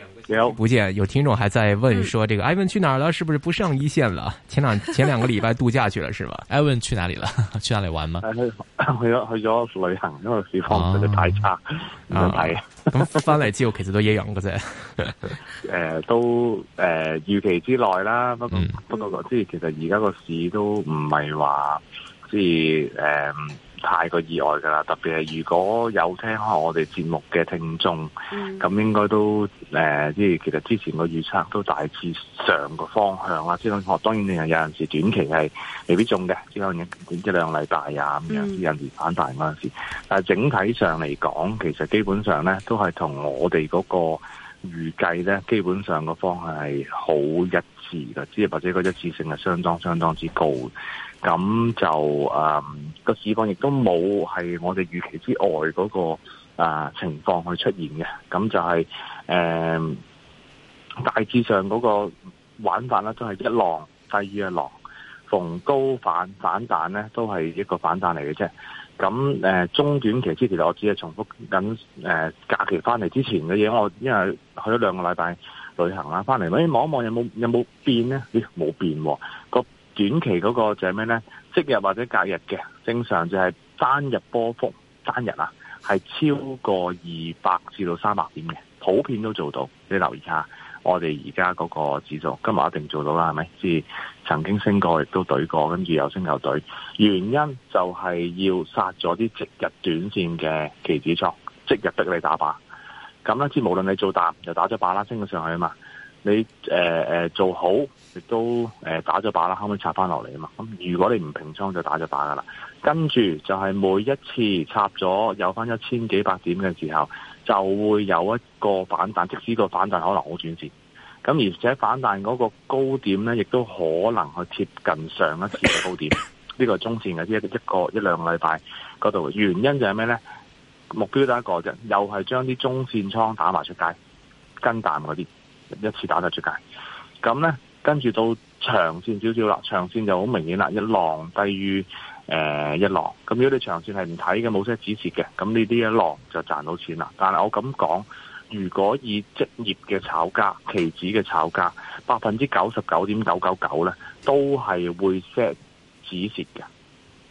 好久不見，有，有聽眾還在問說，這個 Ivan、哎、去哪兒了，是不是不上一線了？前兩前兩個禮拜度假去了，是吧？Ivan、 哎、去哪裏了？去哪裏玩嗎？去去咗去咗旅行，因為市況實在太差。係咁翻嚟之後，其實都一樣嘅啫。誒 、呃，都誒、呃、預期之內啦。不過、嗯、不過，即係其實而家個市都唔係話，即係誒。呃太過意外㗎啦！特別係如果有聽開我哋節目嘅聽眾，咁、嗯、應該都誒，即、呃、係其實之前個預測都大致上個方向啦。即係我當然你有陣時短期係未必中嘅，即係可能一兩個禮拜啊咁樣，有陣時，時反彈嗰陣時。嗯、但係整體上嚟講，其實基本上咧都係同我哋嗰個預計咧，基本上個方向係好一致㗎，即係或者個一致性係相當相當之高。咁就誒、嗯，那個市況亦都冇係我哋預期之外嗰、那個誒、呃、情況去出現嘅。咁就係、是、誒、呃，大致上嗰個玩法咧都係一浪低一浪，逢高反反彈咧都係一個反彈嚟嘅啫。咁誒、呃，中短期之其實我只係重複緊誒、呃、假期翻嚟之前嘅嘢。我因為去咗兩個禮拜旅行啦，翻嚟喂望一望有冇有冇變咧？咦、哎，冇變喎、哦？短期嗰個就係咩呢？即日或者隔日嘅，正常就係單日波幅單日啊，係超過二百至到三百點嘅，普遍都做到。你留意下，我哋而家嗰個指數今日一定做到啦，係咪？即係曾經升過，亦都懟過，跟住又升又懟。原因就係要殺咗啲即日短線嘅期指倉，即日逼你打靶。咁啦，即係無論你做淡，就打咗靶啦，升咗上去啊嘛。你誒、呃、做好，亦都誒、呃、打咗靶啦，後尾插翻落嚟啊嘛。咁如果你唔平倉，就打咗靶噶啦。跟住就係每一次插咗有翻一千幾百點嘅時候，就會有一個反彈。即使個反彈可能好短線，咁而且反彈嗰個高點咧，亦都可能去貼近上一次嘅高點。呢 個係中線嘅，一個一個一兩個禮拜嗰度。原因就係咩咧？目標得一個啫，又係將啲中線倉打埋出街，跟彈嗰啲。一次打就出界，咁呢，跟住到長線少少啦，長線就好明顯啦，一浪低於誒、呃、一浪，咁如果你長線係唔睇嘅，冇 set 止蝕嘅，咁呢啲一浪就賺到錢啦。但係我咁講，如果以職業嘅炒家、期指嘅炒家，百分之九十九點九九九呢，都係會 set 止蝕嘅，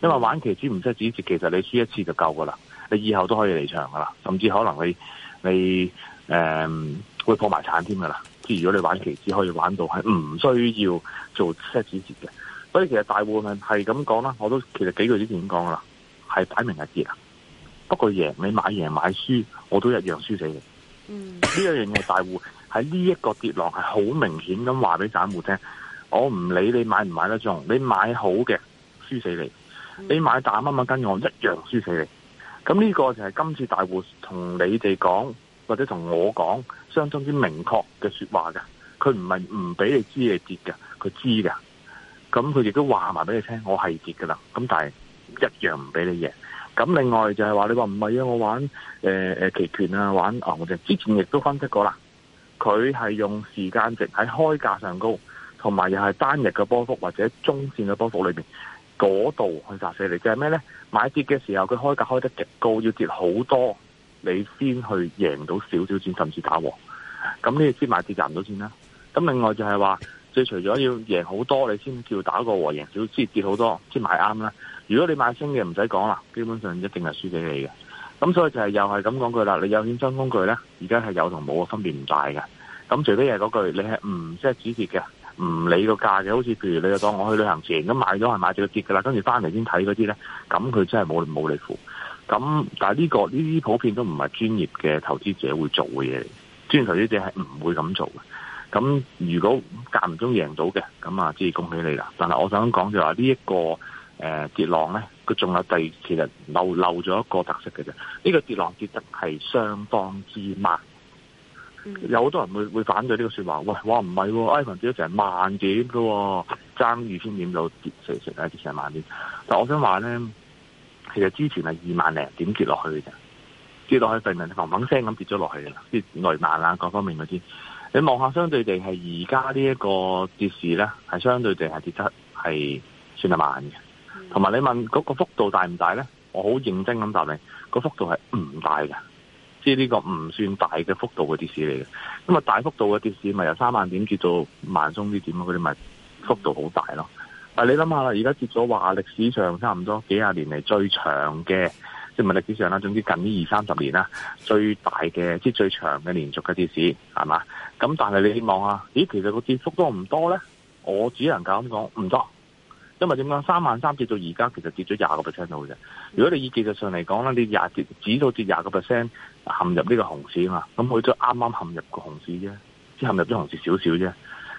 因為玩期指唔 set 止蝕，其實你輸一次就夠噶啦，你以後都可以離場噶啦，甚至可能你你誒、呃、會破埋產添噶啦。如果你玩期指可以玩到係唔需要做 set 止蝕嘅，所以其實大戶係咁講啦，我都其實幾個月之前已經講過啦，係擺明一跌啦。不過贏你買贏買輸，我都一樣輸死你。嗯，呢樣嘢大戶喺呢一個跌浪係好明顯咁話俾散戶聽，我唔理你買唔買得中，你買好嘅輸死你，你買大啊嘛，跟住我一樣輸死你。咁呢個就係今次大戶同你哋講或者同我講相當之明確嘅說話嘅，佢唔係唔俾你知你跌嘅，佢知㗎。咁佢亦都話埋俾你聽，我係跌㗎啦。咁但係一樣唔俾你贏。咁另外就係話你話唔係啊，我玩誒誒期權啊，玩啊、哦，我哋之前亦都分析過啦。佢係用時間值喺開價上高，同埋又係單日嘅波幅或者中線嘅波幅裏面嗰度去殺死你即係咩呢？買跌嘅時候佢開價開得極高，要跌好多。你先去贏到少少錢，甚至打和，咁呢啲先買跌賺唔到錢啦。咁另外就係話，即除咗要贏好多，你先叫打個和贏少啲跌好多，先買啱啦。如果你買升嘅，唔使講啦，基本上一定係輸俾你嘅。咁所以就係又係咁講句啦，你有衍生工具咧，而家係有同冇嘅分別唔大嘅。咁除非又嗰句，你係唔即係止跌嘅，唔理個價嘅，好似譬如你又當我去旅行前咁買咗係買咗個跌嘅啦，跟住翻嚟先睇嗰啲咧，咁佢真係冇冇你付。咁，但係、這、呢個呢啲普遍都唔係專業嘅投資者會做嘅嘢嚟，專業投資者係唔會咁做嘅。咁如果間唔中贏到嘅，咁啊，即係恭喜你啦。但係我想講就話呢一個誒、欸、跌浪咧，佢仲有第二其實漏漏咗一個特色嘅啫。呢個跌浪跌得係相當之慢，有好多人會會反對呢個說話。喂，我唔係喎，iPhone 跌咗成萬點㗎喎、哦，爭二千點就跌成成跌成萬點。但係我想話咧。其實之前係二萬零點跌落去嘅啫，跌落去突然間嘭嘭聲咁跌咗落去嘅啦，外慢啦，各方面嗰啲。你望下相對地係而家呢一個跌市咧，係相對地係跌得係算係慢嘅。同埋你問嗰個幅度大唔大咧？我好認真咁答你，個幅度係唔大嘅，即係呢個唔算大嘅幅度嘅跌市嚟嘅。咁啊，大幅度嘅跌市咪由三萬點跌到萬鬆啲點，嗰啲咪幅度好大咯。嗱、啊，你諗下啦，而家跌咗話歷史上差唔多幾廿年嚟，最長嘅，即係唔係歷史上啦，總之近呢二三十年啦，最大嘅即係最長嘅連續嘅跌市，係嘛？咁但係你望下，咦，其實個跌幅都不多唔多咧？我只能夠咁講，唔多。因為點講？三萬三跌到而家，其實跌咗廿個 percent 度嘅。如果你以技術上嚟講咧，你廿跌指數跌廿個 percent，陷入呢個熊市啊嘛。咁佢都啱啱陷入個熊市啫，即係陷入咗熊市少少啫。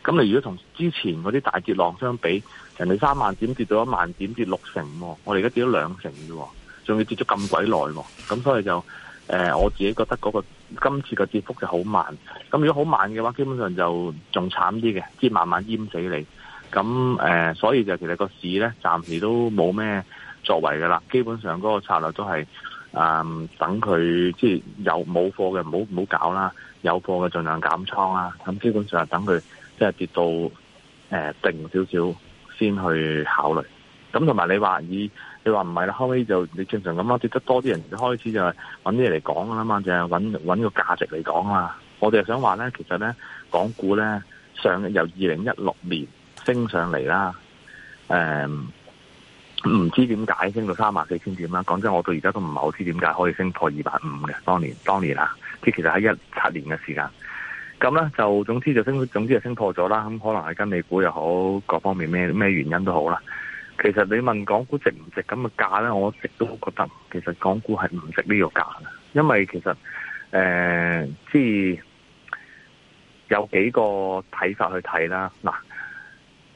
咁你如果同之前嗰啲大跌浪相比，人哋三萬點跌到一萬點跌六成、哦，我哋而家跌咗兩成啫、哦，仲要跌咗咁鬼耐喎，咁所以就誒、呃、我自己覺得嗰、嗰個今次嘅跌幅就好慢。咁如果好慢嘅話，基本上就仲慘啲嘅，即係慢慢淹死你。咁誒、呃，所以就其實個市咧，暫時都冇咩作為噶啦，基本上嗰個策略都係誒、呃、等佢，即係有冇貨嘅唔好唔好搞啦，有貨嘅儘量減倉啦。咁基本上等佢。即係跌到誒、呃、定少少先去考慮，咁同埋你話以你話唔係啦，後尾就你正常咁樣跌得多啲人就開始就搵啲嘢嚟講噶啦嘛，就係搵揾個價值嚟講啊！我哋係想話咧，其實咧港股咧上由二零一六年升上嚟啦，誒、呃、唔知點解升到三萬四千點啦！講真，我到而家都唔係好知點解可以升破二百五嘅當年當年啊！即係其實喺一七年嘅時間。咁咧就總之就升，總之就升破咗啦。咁可能係跟美股又好，各方面咩咩原因都好啦。其實你問港股值唔值咁嘅價咧，我一直都覺得其實港股係唔值呢個價嘅，因為其實誒，即、呃、係有幾個睇法去睇啦。嗱，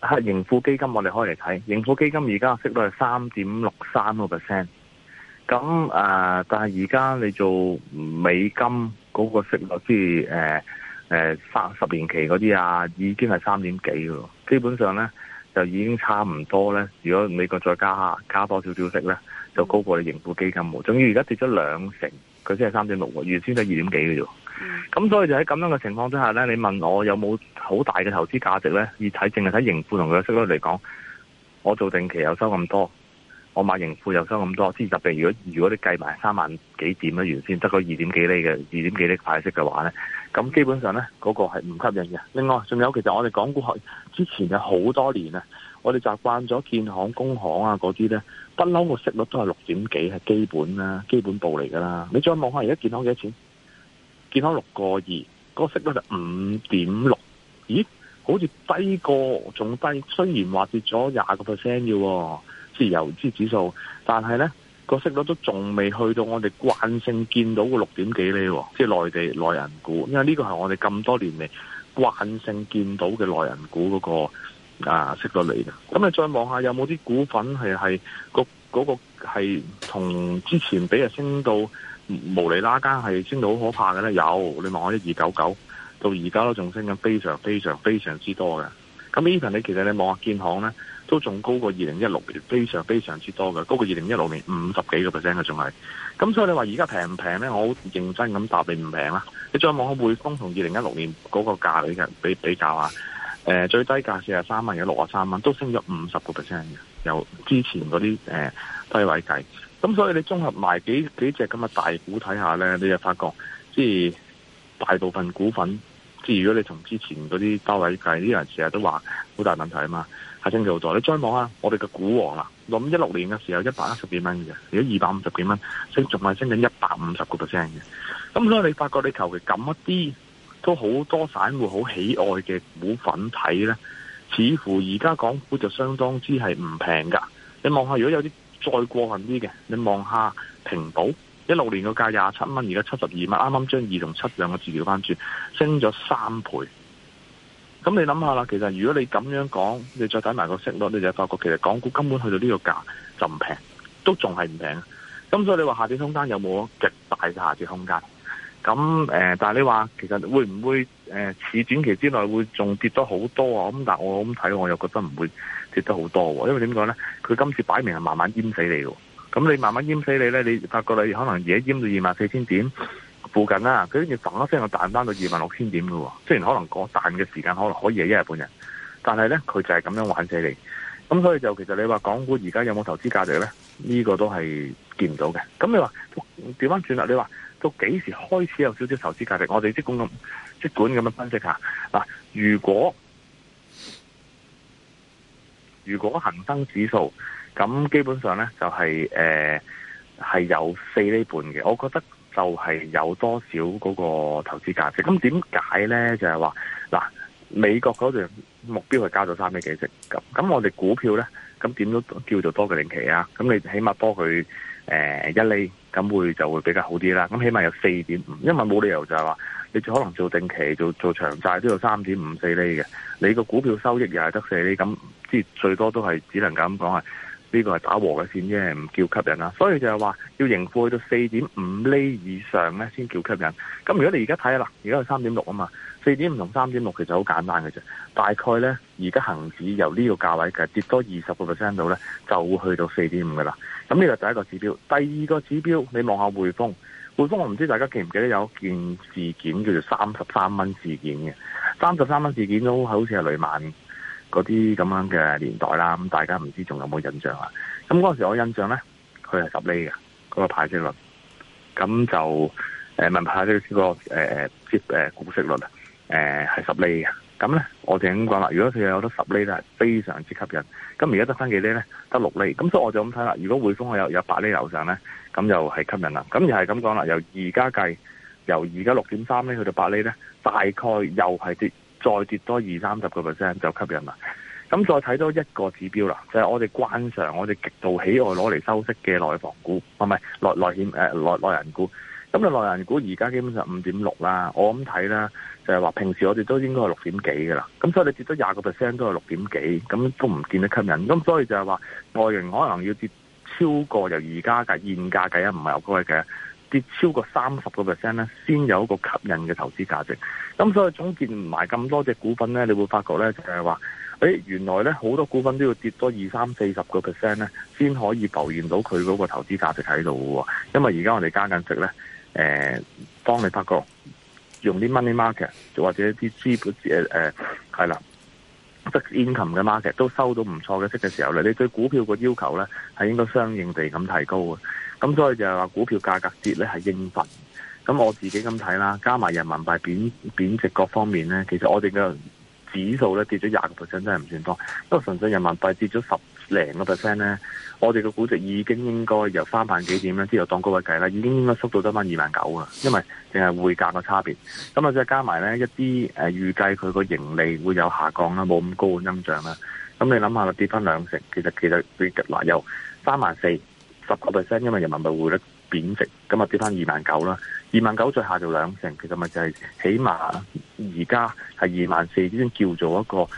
係盈富基金我哋開嚟睇，盈富基金而家息率係三點六三個 percent。咁啊、呃，但係而家你做美金嗰個息率，即係誒。誒，三、呃、十年期嗰啲啊，已經係三點幾嘅，基本上咧就已經差唔多咧。如果美國再加加多少少息咧，就高過你盈富基金喎。仲要而家跌咗兩成，佢先係三點六，原先得二點幾嘅啫。咁所以就喺咁樣嘅情況之下咧，你問我有冇好大嘅投資價值咧？以睇淨係睇盈富同佢嘅息率嚟講，我做定期又收咁多。我買盈富又收咁多，先十倍。如果如果你計埋三萬幾點嘅原先，得嗰二點幾厘嘅二點幾厘快呢派息嘅話咧，咁基本上咧嗰、嗰個係唔吸引嘅。另外仲有其實我哋港股去之前有好多年啊，我哋習慣咗建行、工行啊嗰啲咧，不嬲個息率都係六點幾係基本啦，基本步嚟㗎啦。你再望下而家建行幾多錢？建行六個二，個息率就五點六。咦？好似低過仲低，雖然話跌咗廿個 percent 要。自由之指數，但係咧個息率都仲未去到我哋慣性見到個六點幾厘，即係內地內人股，因為呢個係我哋咁多年嚟慣性見到嘅內人股嗰、嗰個啊息率嚟嘅。咁你再望下有冇啲股份係係、嗰個係同之前比日升到無厘啦更係升到好可怕嘅咧？有，你望下一二九九到而家都仲升緊非常非常非常之多嘅。咁 even 你其實你望下建行咧，都仲高過二零一六年，非常非常之多嘅，高過二零一六年五十幾個 percent 嘅仲係。咁所以你話而家平唔平咧？我好認真咁答你唔平啦。你再望下匯豐同二零一六年嗰個價嘅比比較啊，誒、呃、最低價四十三蚊，而家六十三蚊，都升咗五十個 percent 嘅，由之前嗰啲誒低位計。咁所以你綜合埋幾幾隻咁嘅大股睇下咧，你就發覺即係大部分股份。即如果你同之前嗰啲高位計，啲人成日都話好大問題啊嘛，係升咗好多。你再望下我哋嘅股王啦，咁一六年嘅時候一百一十幾蚊嘅，而家二百五十幾蚊，升仲係升緊一百五十個 percent 嘅。咁所以你發覺你求其撳一啲都好多散戶好喜愛嘅股份睇咧，似乎而家港股就相當之係唔平噶。你望下如果有啲再過分啲嘅，你望下平保。一六年個價廿七蚊，而家七十二蚊，啱啱將二同七兩個字調翻轉，升咗三倍。咁你諗下啦，其實如果你咁樣講，你再睇埋個息率，你就發覺其實港股根本去到呢個價就唔平，都仲係唔平。咁所以你話下跌空間有冇極大嘅下跌空間？咁誒、呃，但係你話其實會唔會誒，似、呃、短期之內會仲跌得好多啊？咁但係我咁睇，我又覺得唔會跌得好多。因為點講咧？佢今次擺明係慢慢淹死你嘅。咁你慢慢淹死你咧，你發覺你可能而家醃到二萬四千點附近啦、啊，佢忽然間一聲就彈翻到二萬六千點嘅喎、啊。雖然可能過彈嘅時間可能可以係一日半日，但係咧佢就係咁樣玩死你。咁所以就其實你話港股而家有冇投資價值咧？呢、這個都係見唔到嘅。咁你話調翻轉啦，你話到幾時開始有少少投資價值？我哋即管咁即管咁樣分析下嗱，如果如果恒生指數。咁基本上咧就係誒係有四厘半嘅，我覺得就係有多少嗰個投資價值。咁點解咧就係話嗱美國嗰段目標係加咗三厘幾息咁，咁我哋股票咧咁點都叫做多個定期啊。咁你起碼多佢誒一厘，咁會就會比較好啲啦。咁起碼有四點五，因為冇理由就係話你可能做定期做做長債都有三點五四厘嘅，你個股票收益又係得四厘，咁即係最多都係只能咁講係。呢個係打和嘅線啫，唔叫吸引啦。所以就係話要盈富去到四點五厘以上咧，先叫吸引。咁如果你而家睇下啦，而家係三點六啊嘛，四點五同三點六其實好簡單嘅啫。大概咧，而家恆指由呢個價位其實跌多二十個 percent 度咧，就會去到四點五嘅啦。咁呢個就係一個指標。第二個指標，你望下匯豐，匯豐我唔知大家記唔記得有一件事件叫做三十三蚊事件嘅，三十三蚊事件都好似係雷曼。嗰啲咁樣嘅年代啦，咁大家唔知仲有冇印象啊？咁嗰時我印象咧，佢係十厘嘅嗰個派息率，咁就誒、呃，問派息個誒接誒股息率誒係十厘嘅。咁咧，我就咁講啦，如果佢有得十厘咧，係非常之吸引。咁而家得翻幾厘咧？得六厘。咁所以我就咁睇啦。如果匯豐我有有八厘樓上咧，咁又係吸引啦。咁又係咁講啦。由而家計，由而家六點三咧去到八厘咧，大概又係跌。再跌多二三十個 percent 就吸引啦。咁再睇多一個指標啦，就係我哋慣常我哋極度喜愛攞嚟收息嘅內房股，唔係內內險誒內內人股。咁你內人股而家基本上五點六啦。我咁睇啦，就係話平時我哋都應該係六點幾噶啦。咁所以你跌咗廿個 percent 都係六點幾，咁都唔見得吸引。咁所以就係話內人可能要跌超過由而家嘅現價計啊，唔係由高位計，跌超過三十個 percent 咧，先有一個吸引嘅投資價值。咁所以總結埋咁多隻股份咧，你會發覺咧就係、是、話，誒、欸、原來咧好多股份都要跌多二三四十個 percent 咧，先可以浮現到佢嗰個投資價值喺度嘅。因為而家我哋加緊值咧，誒、呃、當你發覺用啲 money market，或者啲資本誒誒係啦，即係 income 嘅 market 都收到唔錯嘅息嘅時候咧，你對股票嘅要求咧係應該相應地咁提高嘅。咁所以就係話股票價格跌咧係應份，咁我自己咁睇啦，加埋人民幣貶貶值各方面咧，其實我哋嘅指數咧跌咗廿個 percent 真係唔算多，不過純粹人民幣跌咗十零個 percent 咧，我哋嘅估值已經應該由三萬幾點咧，之後當高位計啦，已經應該縮到得翻二萬九啊，因為淨係匯價個差別，咁啊再加埋咧一啲誒預計佢個盈利會有下降啦，冇咁高嘅音像啦，咁你諗下跌翻兩成，其實其實佢近來又三萬四。十個 percent，因為人民幣匯率貶值，咁啊跌翻二萬九啦，二萬九再下就兩成，其實咪就係起碼而家係二萬四已經叫做一個誒、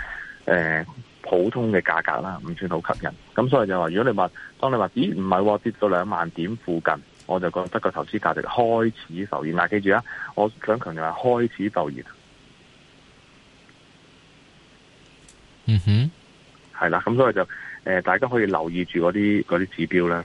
呃、普通嘅價格啦，唔算好吸引。咁所以就話，如果你話當你話咦唔係話跌到兩萬點附近，我就覺得個投資價值開始浮現。但係記住啊，我想強調係開始浮現。嗯哼，係啦，咁所以就誒、呃、大家可以留意住嗰啲啲指標啦。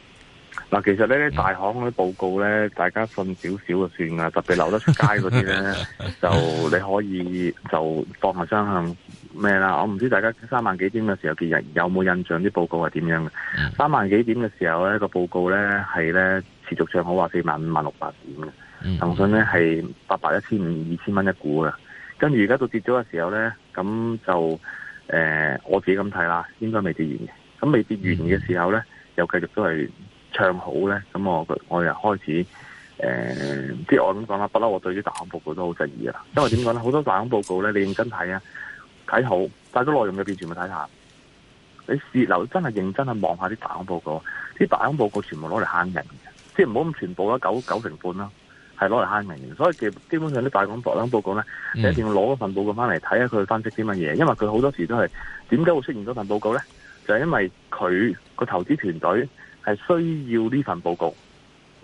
嗱，其實呢大行嗰啲報告呢，大家信少少就算啦，特別留得出街嗰啲呢， 就你可以就當下雙向咩啦。我唔知大家三萬幾點嘅時候見人有冇印象啲報告係點樣嘅？三萬幾點嘅時候呢個報告呢，係呢持續上，好話四萬五萬六百點嘅，騰訊、嗯、呢係八百一千五二千蚊一股嘅。跟住而家到跌咗嘅時候呢，咁就誒、呃、我自己咁睇啦，應該未跌完嘅。咁未跌完嘅時候呢，嗯、又繼續都係。唱好咧，咁我我又開始，誒，即係我咁講啦，不嬲，我對啲大行報告都好質疑噶啦。因為點講咧，好多大行報告咧，你認真睇啊，睇好，但咗內內容入邊全部睇下，你視流真係認真去望下啲大行報告，啲大行報告全部攞嚟坑人嘅，即係唔好咁全部啦，九九成半啦，係攞嚟坑人嘅。所以基基本上啲大行、大行報告咧，你一定要攞份報告翻嚟睇下佢分析啲乜嘢，因為佢好多時都係點解會出現咗份報告咧，就係、是、因為佢個投資團隊。係需要呢份報告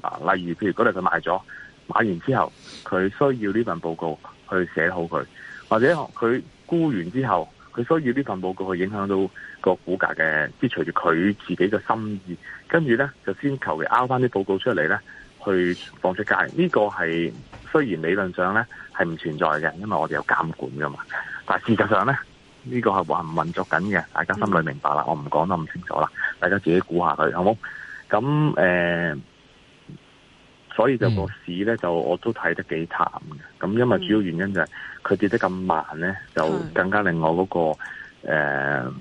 啊，例如譬如嗰日佢賣咗買完之後，佢需要呢份報告去寫好佢，或者佢估完之後，佢需要呢份報告去影響到個股價嘅，即係隨住佢自己嘅心意，跟住呢，就先求其拗返啲報告出嚟呢，去放出街。呢個係雖然理論上呢係唔存在嘅，因為我哋有監管噶嘛，但係事實上呢。呢個係還運作緊嘅，大家心裏明白啦，嗯、我唔講得咁清楚啦，大家自己估下佢好冇？咁誒、呃，所以就個市咧，就我都睇得幾淡嘅。咁因為主要原因就係、是、佢、嗯、跌得咁慢咧，就更加令我嗰、那個誒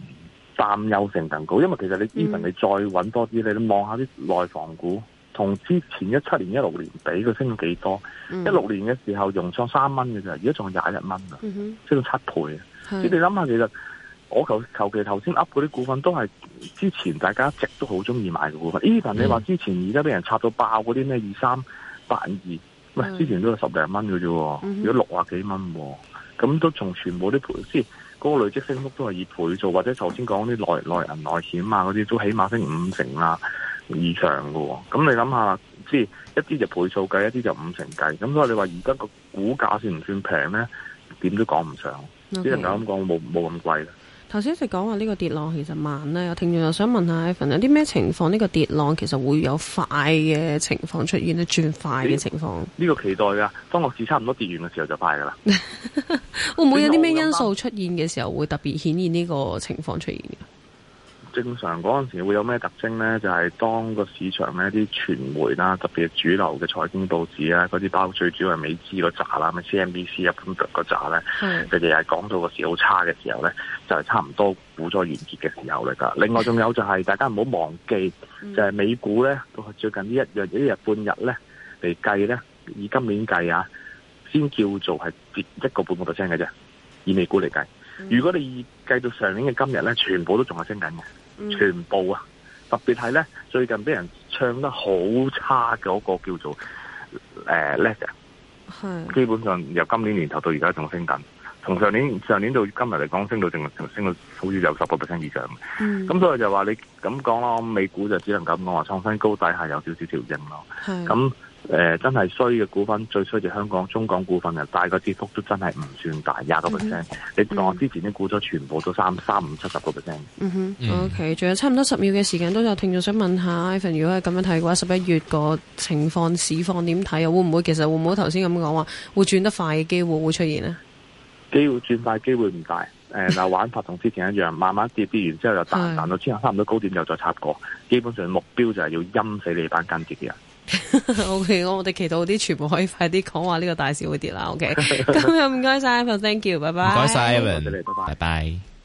擔憂性更高。因為其實你 even、嗯、你再搵多啲，你都望下啲內房股。同之前一七年、一六年比，佢升咗幾多？一六、嗯、年嘅時候，融創三蚊嘅啫，而家仲有廿一蚊啊，升到七倍。是你哋諗下，其實我求求其頭先噏嗰啲股份，都係之前大家一直都好中意買嘅股份。咦，但你話之前而家俾人插到爆嗰啲咩二三八二，喂，之前都有十零蚊嘅啫，如果六啊幾蚊，咁都仲全部啲，倍，即係嗰個累積升幅都係以倍做，或者頭先講啲內內銀內險啊嗰啲，都起碼升五成啦、啊。以上嘅咁你諗下，即係一啲就倍數計，一啲就五成計，咁所以你話而家個股價算唔算平咧？點都講唔上，即係而家咁講冇冇咁貴啦。頭先一直講話呢個跌浪其實慢咧，有聽眾又想問下 Evan 有啲咩情況呢個跌浪其實會有快嘅情況出現咧，轉快嘅情況。呢、呢個期待噶，當落市差唔多跌完嘅時候就快噶啦。會唔會有啲咩因素出現嘅時候會特別顯現呢個情況出現？正常嗰陣時會有咩特徵咧？就係、是、當個市場咧啲傳媒啦，特別主流嘅財經報紙啊，嗰啲包括最主要係美資個渣啦，咩 CNBC 日咁嗰個渣咧，佢哋係講到個市好差嘅時候咧，就係、是、差唔多股災完結嘅時候嚟噶。另外仲有就係、是、大家唔好忘記， 就係美股咧，最近一一天天呢一日一日半日咧嚟計咧，以今年計啊，先叫做係跌一個半個 percent 嘅啫，以美股嚟計。 如果你計到上年嘅今日咧，全部都仲係升緊嘅。嗯、全部啊，特別係咧，最近俾人唱得好差嗰個叫做誒，e 嘅，係、呃、是基本上由今年年頭到而家仲升緊，從上年上年到今日嚟講，升到升到好似有十個 percent 以上咁、嗯、所以就話你咁講咯，美股就只能咁講話，創新高底下有少少調整咯，係咁是。誒、呃，真係衰嘅股份最衰就香港中港股份，又大個跌幅都真係唔算大，廿個 percent。Mm hmm. 你講之前啲股咗全部都三三五七十個 percent。嗯哼、mm hmm.，OK，仲有差唔多十秒嘅時間，都有聽眾想問下 Ivan 如果係咁樣睇嘅話，十一月個情況市況點睇啊？會唔會其實會唔會頭先咁講話會轉得快嘅機會會出現呢？機會轉快，機會唔大。誒、呃，嗱玩法同之前一樣， 慢慢跌跌完之後又彈彈到之後，差唔多高點又再插過。基本上目標就係要陰死你班跟跌嘅人。O K，我我哋祈禱啲全部可以快啲講話，呢個大市會跌啦。O K，咁又唔該晒，Evan，Thank you，拜拜。唔該晒，Evan，多謝你，拜拜。